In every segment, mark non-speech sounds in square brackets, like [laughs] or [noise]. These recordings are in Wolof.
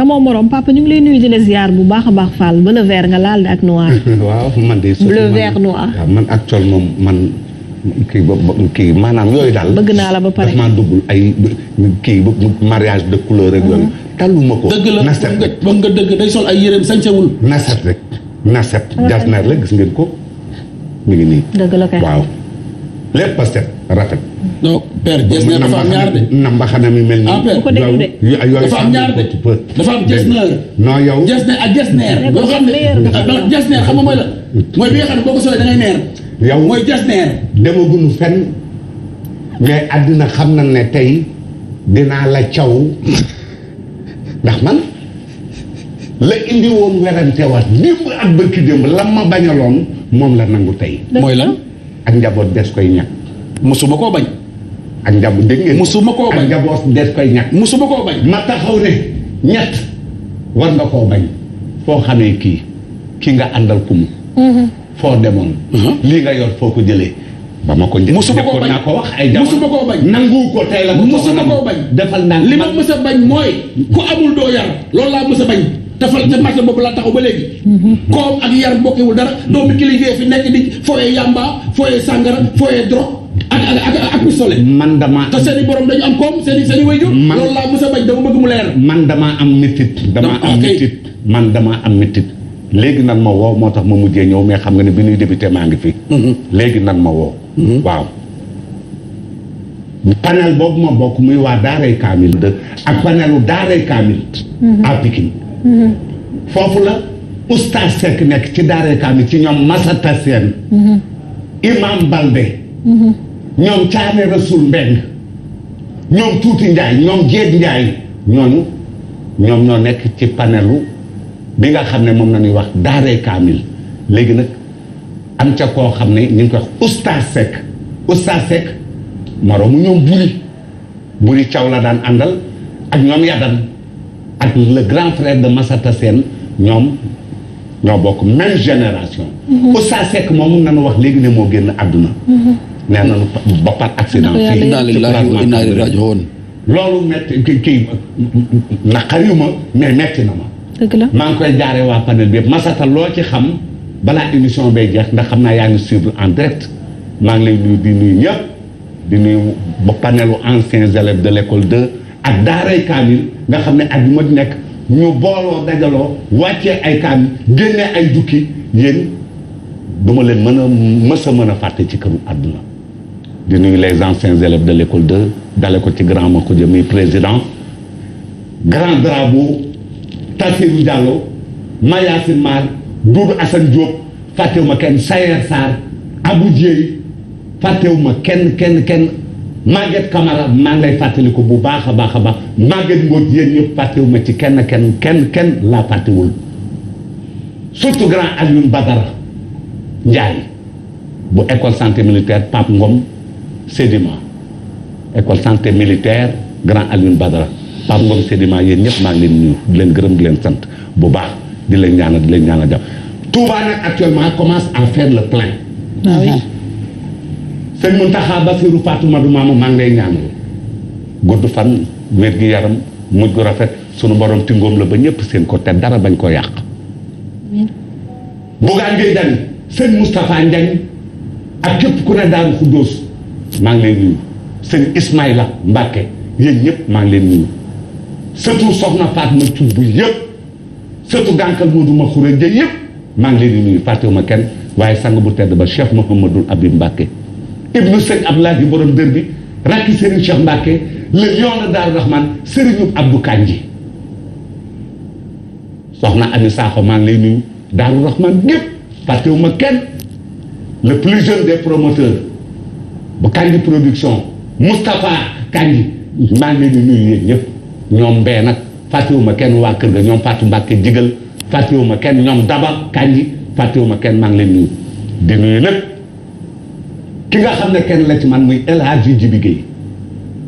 amoo morom papa ñu ngi lay nuyu di la bu baax a baax Fall bleu vert nga laal di ak [laughs] noir. waaw man de. bleu moom man kii ba kii maanaam yooyu daal. bëgg naa la ba pare daf maa duggul ay kii ba mariage de couleur ak yooyu. Uh-huh. talluma ko naset rek dëgg nga dëgg day sol ay yéreem sañcewul. naset rek naset. jasner la gis ngeen ko mi ngi nii. dëgg la kay waaw. lépp Pastef rafet. donc père jees na dafa am ñaar de. Ah, neer. boo xam ne jees ah, neer nga xam ne boo na ne tey dinaa la caw ndax man la indi woon werante waat démb ak bëkki démb la ma bañaloon moom la nangu tey. mooy lan. ak njaboot des koy ñàkk. musuma koo bañ. ak njaboot dégg ngeen. musuma koo bañ ak njaboot des koy ñàkk. musuma koo bañ. ma taxaw ne ñett war nga koo bañ. foo xamee kii ki nga àndal kumu. Mm-hmm. foo demoon. Mm-hmm. lii nga yor foo ko jëlee. ba ma ko musuma koo bañ naa ko wax ay jamono musuma koo bañ. nanguwu ko tey la ko musuma koo bañ. defal naa li ma mës a bañ mooy. ku amul doo yar loolu laa mës a bañ. dafa ca marché boobu laa taxaw ba léegi. koom ak yar bokkewul dara doomu kilifa fi nekk di fooyee yamba fooyee sàngara fooyee drogue ak ak damaa am koom dama bëgg man damaa am métit. léegi nag ma moo tax ma mujjee ñëw mais xam nga ne bi ñuy débuté maa ngi fi. Mhm. léegi nag ma mhm. boobu ma bokk muy waa Daaray Kaamil. ak panelu Daaray Kaamil. à foofu la oustaz Seck nekk ci daare kaamil ci ñoom Masata Seen Balde ñoom Caane Rasul Mbeng ñoom Tuuti Njaay ñoom Jeet Njaay ñooñu ñoom ñoo nekk ci panelu bi nga xam ne moom la ñuy wax daare kaamil léegi nag am ca koo xam ne ñu ngi koy wax oustaz Seck oustaz Seck moroomu ñoom buri buri caw la daan àndal ak ñoom yadan ak le grand frère de Massata Sène ñoom ñoo bokk même génération. Mhm. Oustaz Seck moomu nañu wax léegi ne moo génn àdduna. Mhm. nee nañu ba par accident. fii ci placement loolu métti kii kii naqariw ma mais métti na ma. dëgg la maa ngi koy jaaree waa panel bi yëpp Massata loo ci xam balaa émission bay jeex ndax xam naa yaa ngi suivre en direct maa ngi lay nuyu di nuyu ñëpp di nuyu ba panelu anciens élèves de l' école 2. ak ay kaamil nga xam ne at ma nekk ñu booloo dajaloo wàcce ay kaamil génnee ay jukki yéen duma leen mën a mës a mën a fàtte ci këru àdduna di nuyu les anciens de l'école de dale ko ci grand ma ko jëmi président grand Drabo Tasiru Diallo Mayasin Mar Doudou Assane Diop fàttewuma kenn Sayer Sarr Abou Dieye fàttewuma kenn kenn kenn Maguette Camara maa ngi lay fàttaliku bu baax a baax a baax Maguette Mbodj yéen ñëpp fàttewu ma ci kenn kenn kenn kenn laa fàttewul surtout grand Alioune Badara Ndiaye bu école santé militaire Pape Ngom Sédima école santé militaire grand Alioune Badara Pape Ngom Sédima yéen ñëpp maa ngi leen nuyu di gërëm di leen sant bu baax di leen ñaanal di leen ñaanal jàpp Touba actuellement commence à faire le plein. Ah ah sëñ Muntaxa Basiru Faatu ma Maamu maa ngi lay ñaanal gudd fan yaram mujj gu rafet sunu borom tingoom la ba ñëpp seen ko te dara bañ ko yàq buggaan ngay dan sëñ Moustapha Ndiagne ak képp ku ne Daaru Xuddoos maa ngi leen nuyu sëñ Ismaïla Mbàkke yéen ñëpp maa ngi leen nuyu surtout soxna Fatma Cubb yëpp surtout gànkal moodu ma xura jë yëpp maa ngi leen di nuyu kenn waaye sang bu tedd ba Cheikh Mouhamadul Abib Mbàkke ibnu sëñ Abdoulahi borom dër bi rakki Serigne Cheikh Mbacke le lion de Darou Rahman Serigne Abdou Kandji soxna Ami Sakho maa ngi lay nuyu Darou Rahman ñëpp fàttewuma kenn le plus jeune des promoteurs bu Kandji production Moustapha Kandji maa ngi lay ñëpp ñoom mbee nag fàttewuma kenn waa kër ga ñoom Fatou Mbacke Jigal fàttewuma kenn ñoom Daba Kandji fàttewuma kenn maa ngi lay nuyu di nuyu nag. ki nga xam ne kenn la ci man muy El Hadji Djibi Guèye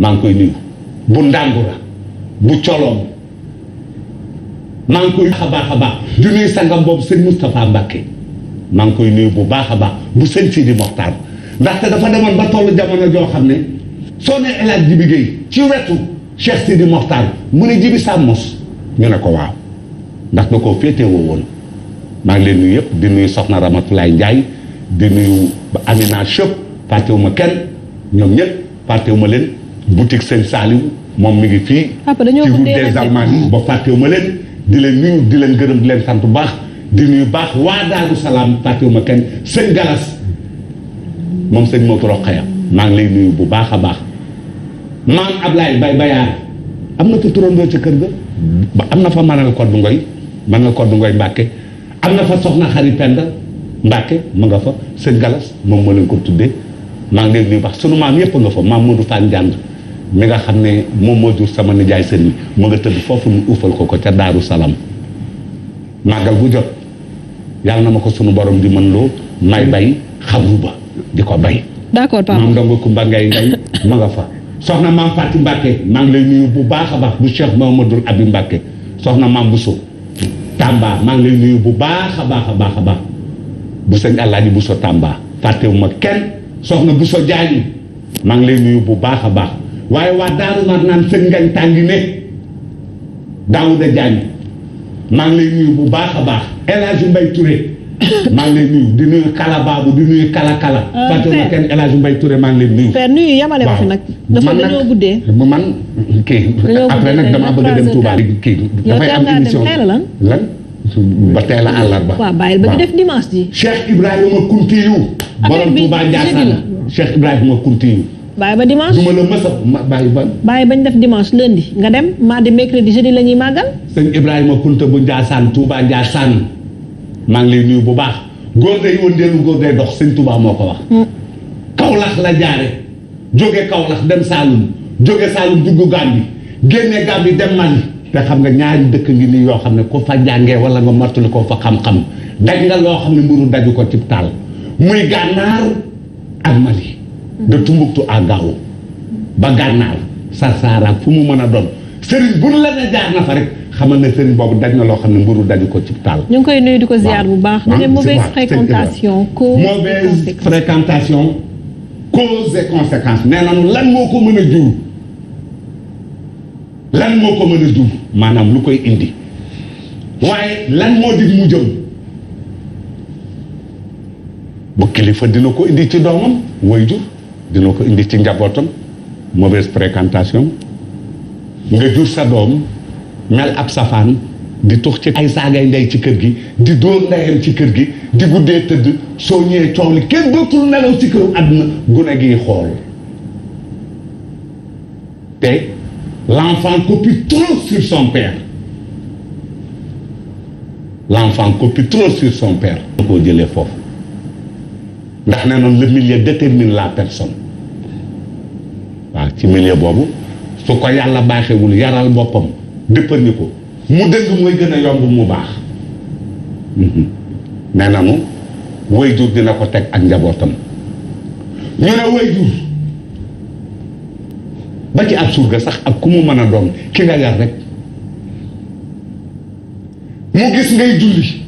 ngi koy nuyu bu ndàngura bu coloon maa ngi koy a baax a baax di nuyu sangam boobu sëñ Moustapha Mbacke maa ngi koy nuyu bu baax a baax bu sëñ Sidi Mokhtar ndaxte dafa demoon ba tollu jamono joo xam ne soo ne El Hadji Djibi Guèye ci wetu Cheikh Sidi Mokhtar mu ne Djibi Sàmmos ñu ne ko waaw ndax da koo féetewoo woon maa ngi leen nuyu yëpp di nuyu Soxna Ramatulaay Ndiaye di nuyu Amina Chop fàttewuma kenn ñoom ñëpp fàttewuma leen boutique Sëñ Saliou moom mi ngi fii ci route des Almadies ba fàttewuma leen di leen nuyu di leen gërëm di leen sant bu baax di nuyu baax waa Daaru Salaam fàttewuma kenn sëñ Galas moom sëñ Moodu Rokhaya maa ngi lay nuyu bu baax a baax maam Ablaye Bay Bayaar am na fa turandoo ci kër ga am na fa manal koddu ngoy manal koddu ngoy Mbàkke am na fa soxna xari Penda Mbàkke ma nga fa sëñ Galas moom moo leen ko tuddee maa ngi leen di wax sunu maam yëpp nga fa maam Modou mi nga xam ne moom moo jur sama nijaay sën mi mu nga foofu ñu uufal ko ko ca Daaru Salaam màggal bu jot yàlla na ma ko sunu borom di mën may bay xabru ba di ko bay. d'accord papa maam Ndongo Kumba Ngay Ngay ma nga fa. soxna maam maa ngi lay nuyu bu baax a baax bu Cheikh Mamadou Abi Mbacke soxna maam Bousso Tamba maa ngi lay nuyu bu baax a baax a baax a baax bu sëñ Alaaji Bousso Tamba fàttewu ma kenn. soxna bu so jaañ maa ngi lay nuyu bu baax a baax waaye waa daaru mar naan sën ngañ tàngi ne daawuda jaañ maa ngi lay nuyu bu baax a baax El Hadj Mbaye Touré maa ngi di nuyu kala baabu di nuyu kala kala. fàtte ma kenn El Hadj Mbaye Touré maa ngi lay nuyu. père nuyu ma fi nag. dafa man man kii. nag damaa bëgg a dem Touba. kii dafay am émission lan. ba a àllarba. waaw borom Touba Ndiassane Cheikh Ibrahima Kounti bàyyi ba dimanche du ma la mës a bàyyi ban bàyyi bañ def dimanche lundi nga dem mardi mercredi jeudi la ñuy màggal sëñ Ibrahima Kounta bu Ndiassane Touba Ndiassane maa ngi lay nuyu bu baax góor day wëndeelu góor day dox sëñ Touba moo ko wax mm. Kaolack la jaare jóge Kaolack dem Saalum jóge Saalum dugg Gàmbi génne Gàmbi dem Mali te xam nga ñaari dëkk ngi nii yoo xam ne ku fa jàngee wala nga martuli ko fa daj nga loo xam ne mburu daju ko ci muy gànnaar ak Mali de Tumbuktu à Gao ba gànnaar Sarsara fu mu mën a doon sëriñ bu la ne jaar na fa rek xamal na sëriñ boobu daj na loo xam ne mburu daju ko ci taal. ñu ngi koy nuyu di ko ziar bu baax. waaw mauvaise fréquentation cause mauvaise fréquentation cause et conséquence nee nañu lan moo ko mën a jur. lan moo ko mën a jur maanaam lu koy indi waaye lan moo di mu jëm. bu kilifa dina ko indi ci doomam waajur dina ko indi ci njabootam mauvaise fréquentation nga jur sa doom mel ab safaan di tux ci ay saagay ndey ci kër gi di dóor ndeyam ci kër gi di guddee tëdd soo ñëwee coow li kenn dootul nelaw ci këru àdduna gune gi xool te l'enfant copie trop sur son père l'enfant copie trop sur son père. koo jëlee foofu. ndax nee noonu le milieu détermine la personne waaw ci milieu boobu su ko yàlla baaxewul yaral boppam dëppandi ko mu dëng mooy gën a yomb mu baax mhm. nee nanu way jur dina ko teg ak njabootam ñu ne way jur ba ci ab surga sax ak ku mu mën a doon ki nga yar rek mu gis ngay julli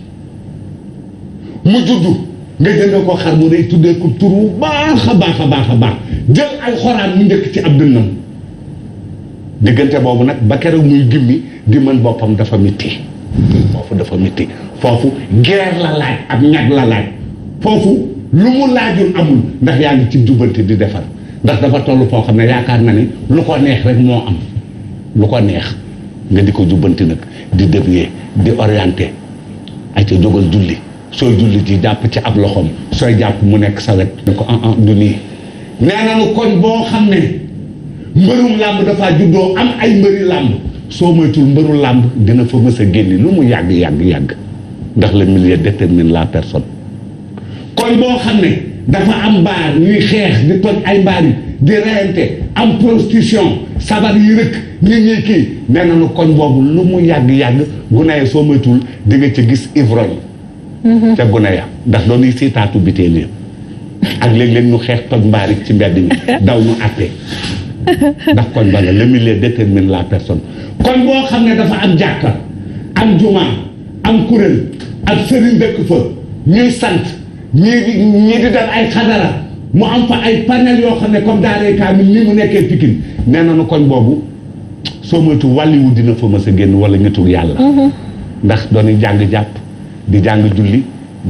mu juddu nga jënd ko xar mu day tuddee ko tur wu baax a baax a baax a baax jël ay xoraan mu njëkk ci ab dënnam diggante boobu nag ba keroog muy gimmi di man boppam dafa mitti foofu dafa mitti foofu guerre la ak ab ñag la foofu lu mu laajul amul ndax yaa ngi ci jubante di defar ndax dafa toll foo xam ne yaakaar na ni lu ko neex rek moo am lu ko neex nga di ko jubbanti nag di dévier di orienté ay ca jógal julli sooy julli ji jàpp ci ab loxoom sooy jàpp mu nekk sa wet ne ko ah ah du nii nee nañu koñ boo xam ne mbërum làmb dafaa juddoo am ay mbëri làmb soo moytul mbëru làmb dina fa mës a lu mu yàgg yàgg yàgg ndax le milieu détermine la personne koñ boo xam ne dafa am baar ñuy xeex di ay mbaar yi am prostitution sabar yi rëkk nit ñi kii nee koñ boobu lu mu yàgg yàgg bu nawee soo moytul dinga nga ci gis ivrogne ca gune ya ndax doon si taatu biteel ya ak léeg-léeg ñu xeex toj mbaarik ci mbedd mi daw ñu àttee ndax koñ bala le milieu détermine la personne kon boo xam ne dafa am jàkka am juma am kuréel ak sëriñ dëkk fa ñuy sant ñii di ñii di ay xadara mu am fa ay panel yoo xam ne comme daaree kaamil ni mu nekkee Pikine nee nañu koñ boobu soo moytu wàlliwu dina fa mës a génn wala nitu yàlla mm-hmm. ndax doon jàng jàpp di jàng julli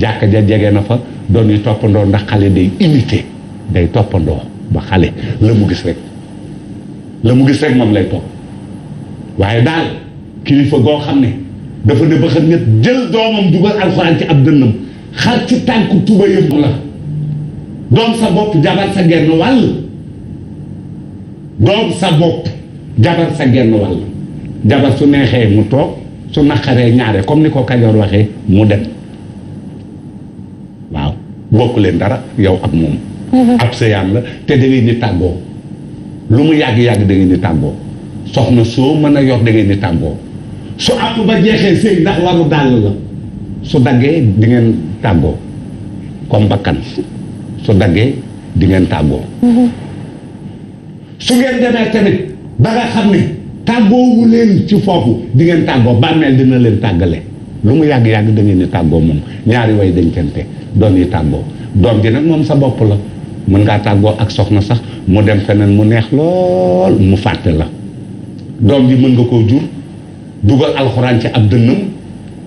jàkka ja jege na fa doon yi toppandoo ndax xale day imité day toppandoo ba xale la mu gis rek la mu gis rek moom lay topp waaye daal kilifa goo xam ne dafa ne ba xam jël doomam dugal alxuraan ci ab dënnam xar ci tànk tubayam la doom sa bopp jabar sa genn wàll doom sa bopp jabar sa genn wàll jabar su neexee mu toog su naqaree ñaare comme ni ko Kajoor waxee mu dem waaw bokk leen dara yow ak moom [laughs] ab sa yàlla te da ni di tàggoo lu mu yàgg-yàgg da ngeen tàggoo soxna soo mën a yor da ngeen di tàggoo su àpp ba jeexee sëy ndax waru dàll la su daggee di ngeen tàggoo comme bakkan su daggee di ngeen tàggoo mm-hmm. su ngeen demee tamit ba nga xam ne tàggoowu leen ci foofu di ngeen tàggoo bàmmeel dina leen tàggale lu mu yàgg-yàgg da ngeen di tàggoo moom ñaari way dencante doom yi tàggoo doom yi nag moom sa bopp la mën ngaa tàggoo ak soxna sax mu dem feneen mu neex lool mu fàtte la doom ji mën nga koo jur dugal alxuraan ci ab dënnam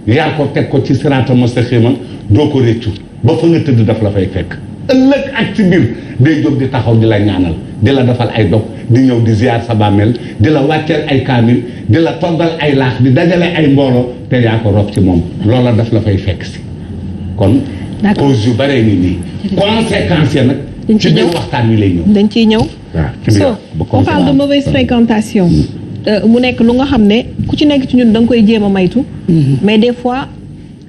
yar ko teg ko ci siraata mustaqiimam doo ko réccu ba fa nga tëdd daf la fay fekk ëllëg ak ci biir day jóg di taxaw di la ñaanal di la defal ay dog di ñëw di ziar sa bàmmeel di la wàcceel ay kaamil di la toggal ay laax di dajale ay mbooloo te yaa ko rob ci moom loola def la fay fekk si kon cause yu bare ngi nii conséquence si nag ci biir waxtaan wi lay ñëw dañ ciy ñëw so on parle de hmm. euh, mu nekk lu nga xam ne ku ci nekk ci ñun da nga koy jéem a maytu hmm. mais des fois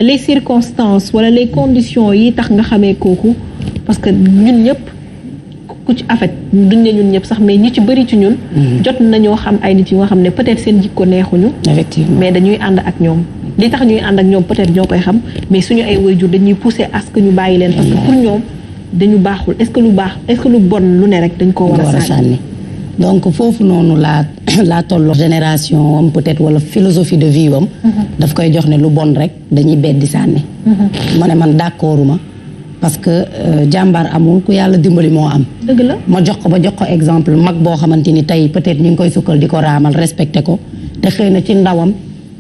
les circonstances wala les conditions yi tax nga xamee kooku parce que ñun ñëpp ku ci afet duñ ne ñun ñëpp sax mais ñi ci bëri ci ñun. Mm-hmm. jot nañoo xam ay nit yi nga xam ne peut seen jikko neexuñu. mais dañuy ànd ak ñoom. li tax ñuy ànd ak ñoom peut-être ñoo koy xam mais suñu ay waajur dañuy pousser à que ñu bàyyi leen. parce que pour ñoom dañu baaxul est-ce que lu baax est-ce lu bon lu ne rek dañ koo war a sànni donc foofu noonu laa [coughs] laa tolloo génération am peut-être wala philosophie de vie am. Mm-hmm. daf koy jox ne lu bon rek dañuy beddi sànni. Mm-hmm. ma ne man d'accorduma parce que euh, jàmbaar amul ku yàlla dimbali moo am. dëgg la ma jox ko ba jox ko exemple mag boo xamante ni tey peut-être ñu ngi koy sukkal di ko raamal respecté ko te xëy na ci ndawam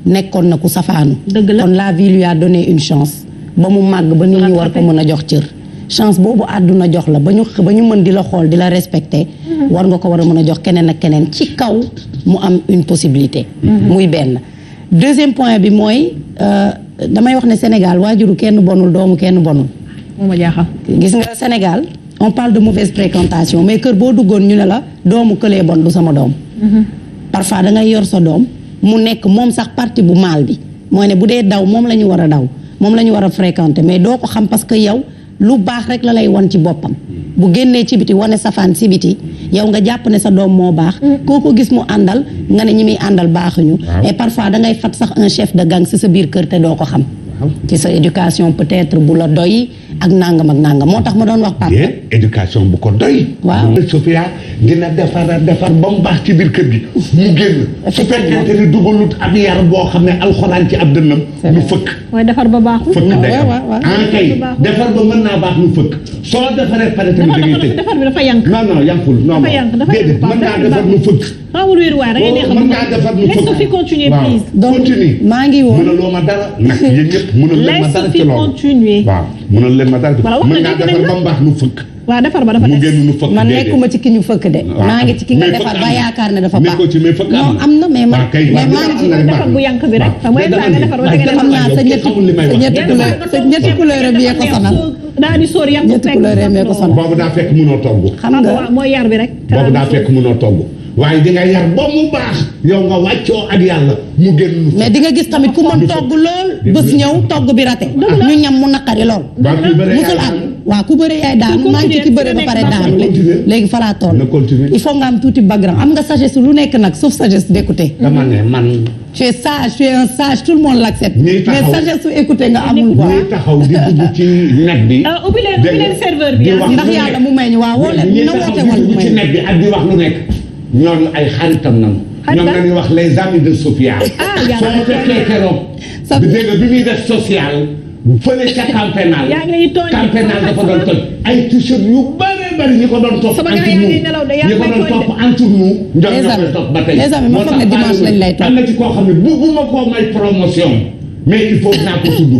nekkoon na ku safaanu. dëgg la kon la vie lui a donné une chance. ba mu màgg ba nit ñi war ko mën a jox cër. chance boobu àdduna jox la ba ñu ba ñu mën di la xool di la respecté. Mhm. war nga ko war a mën a jox keneen ak keneen ci kaw mu am une possibilité. Mhm. muy benn deuxième point bi mooy euh, damay wax ne Sénégal waajuru kenn bonul doomu kenn bonul. moo ma jaaxal gis nga Sénégal on parle de mauvaise fréquentation mais kër boo duggoon ñu ne la doomu këlee bon lu sama doom. Mhm. parfois da ngay yor sa doom mu nekk moom sax parti bu maal bi mooy ne bu dee daw moom la ñu war a daw moom la ñu war a fréquenter mais doo ko xam parce que yow lu baax rek la lay wan ci boppam. bu génnee ci biti wane safaan si biti yow nga jàpp ne sa doom moo baax. Mm. koo ko gis mu àndal nga ne ñi muy àndal baaxuñu. et parfois da ngay fat sax un chef de gang si sa biir kër doo ko xam. ci sa éducation peut bu la doy. ak nangam ak nangam moo tax ma doon wax Pape. bien éducation bu ko doy. waaw Sophia dina defar defar ba mu baax ci biir kër gi. mu génn su fekkente ni dugalut ab yar boo xam ne alxuraan ci ab dënnam. lu fëkk. waaye defar ba baaxul. fëkk ah, day am ah, kay defar ba mën naa baax lu fëkk. soo defaree pare tamit da ngay tëj defar bi dafa yànq. non non yànqul non non déedéet mën naa defar lu fëkk. xawul wér waay da ngay neex a mën naa defar lu fëkk. Sophie continuer please. donc maa ngi woon mënaloo ma dara nag yéen ñëpp mënaloo ma dara ci loolu waaw mënal leen ma dara mën ngaa defar ba mbaax nu fëkk waaw defar ba dafa mu génn nu fëkk man nekkuma ci ki ñu fëkk de maa ngi ci ki nga defar ba yaakaar ne dafa baax nekkoo ci am na am na mais man mais maa ngi ci defar bu yànq bi rek xam naa sa ñetti sa ñetti couleur bi ko sonal daa di sóor yànq fekk mënoo togg xam nga mooy yar rek boobu daa fekk mënoo togg waaye di nga yar ba mu baax yow nga wàccoo ak yàlla mu génn. mais di nga gis tamit ku mën togg lool bés ñëw togg bi rate. ñu ñam mu naqari lool. musul am waaw ku bëree yaay daan maa ngi ci ki bëree ba pare daan léegi fa tool toll. il faut nga am tuuti background am nga sagesse lu nekk nag sauf sagesse d'écouter. dama ne man. tu es sage tu es un sage nga amul quoi. taxaw di dugg ci net bi. [laughs] Ah, ubbi ndax yàlla mu may ñu waaw woo leen na woote wala mu may ñu. ci net bi ak di wax lu nekk. ñooñu ay xaritam nañu. ñoom la ñuy wax les amis de Sofia. ah yaa ngi fekkee keroog. bi dégg bi muy def social. fële ca camp pénal. yaa ngi lay camp pénal dafa doon toj. ay t-shirt yu bëree bëri ñi ko doon topp. sama gars yaa ngi nelaw de ñi ko doon topp entre nous. ñoom ñoo koy topp ba tey. les amis ma foog ne dimanche lañ lay topp. am na ci koo xam ne bugguma koo may promotion. mais il faut naa ko tudd.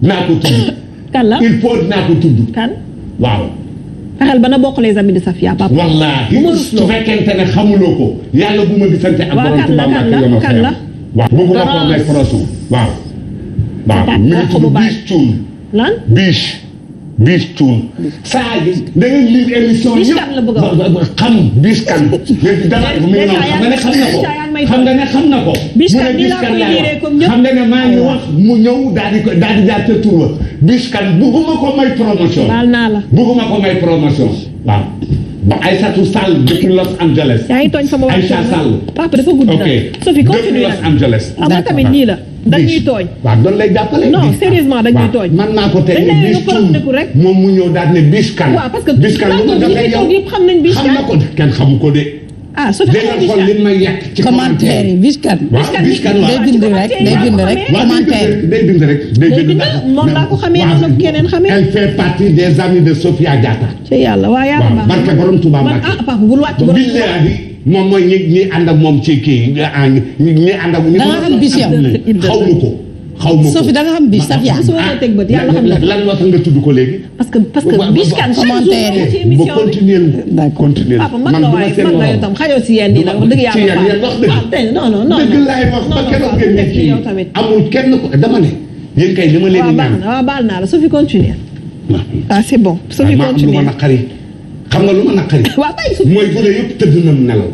naa ko tudd. kan la il faut naa ko tudd. kan waaw. fexeel ba na bokk les amis de Safia papa. wallaahi su fekkente ne xamuloo ko yàlla bu ma di sant ak borom Tuubaa ak yoonu xeer waaw bëgguma ko may proche waaw. waaw minute bu biis tuun. lan biis. biis cuun. saa yi da ngeen lim émission yëpp xam biis kan. dama mi ngi xam nga ne xam na ko xam nga ne xam na ko. biis kan bi xam nga ne maa ngi wax mu ñëw daal di ko daal di jaar ca tur ba biis kan bugguma ko may promotion. baal naa la bugguma ko may promotion waaw. ba Aïssatou Sall depuis Los Angeles. yaa ngi tooñ sama waa Aïssa Sall. papa dafa gudd na. ok depuis Los Angeles. d'accord xam nga tamit nii la. dañuy tooñ. waaw doon lay jàppale. non sérieusement dañuy tooñ. man maa ko tey ne bis rek. moom mu ñëw daal ne bis kan. waaw parce que bis kan lu mu defee yow xam nañ bis kan xam na ko kenn xamu ko de. ah su dee xool li ma yàq ci commentaire yi bis kan. bis kan day bind rek day bind rek commentaire day bind rek day bind moom laa ko xamee noonu keneen xamee. elle fait partie des amis de Sofia Diatta. ci yàlla waaw yàlla baax na waaw barke borom Touba Mbacke. ah papa bul wàcc borom Touba moom mooy ñi ñi ànd ak moom ci kii ñi ñi ànd ak. da nga am bis yow xaw ma ko. xaw ma ko Sophie da nga xam bis Safia. su ma teg bët yàlla xam na lan moo tax nga tudd ko léegi. parce que parce que bis kan commentaire yi ba continuer la continuer la man du ma seen wax tam xajoo si yenn yi nag wax dëgg yàlla wax dëgg ah, non non non dëgg laay wax ba keroog ngeen kii amul kenn ko dama ne yéen kay li ma leen di ñaan waaw baal naa la Sophie continuer ah c'est bon Sophie continuer ma am lu ma naqari xam nga lu ma naqari. [laughs] waaw bàyyi mooy gune yëpp tëdd na nelaw.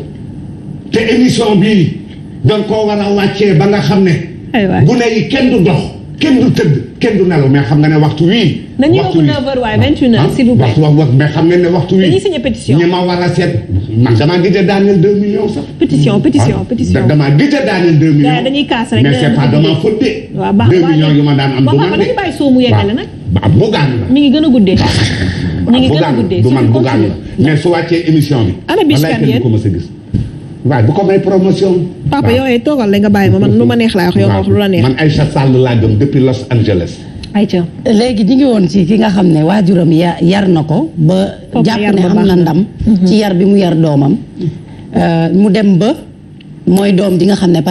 te émission bii dañ koo war a wàccee ba nga xam ne. aywa gune yi kenn du dox kenn du tëdd kenn du nelaw mais xam nga ne waxtu wii. waxtu wii nañu yokk 9h waaye 21h ah, ah, s'il vous plaît waxtu wax mais xam nga ne waxtu wii. dañuy signé pétition ñi ma war a seet. man damaa gis daaneel 2 millions sax. pétition ah, pétition pétition damaa gis daaneel 2 millions. dañuy kaas rek mais c'est pas dama fëtte. waaw baax 2 millions yu ma daan am. du ma ne ba xam nga dañu bàyyi soomu yeggale nag. ba mu gànn la mi ngi gën a guddee. ñu ngi gën a guddee du man bugaan la mais su wàccee émission bi. ana biche kan yéen ko ma sa gis. waaw bu ko may promotion. papa yow ay toogal la nga bàyyi ma man lu ma neex laa wax yow lu la neex. man Aïcha Sall laa gëm depuis Los Angeles. léegi ñu ngi woon ci nga xam ne waajuram ya yar na ko ba jàpp ne am na ndam ci yar bi mu yar doomam euh, mu dem ba mooy doom ji nga xam ne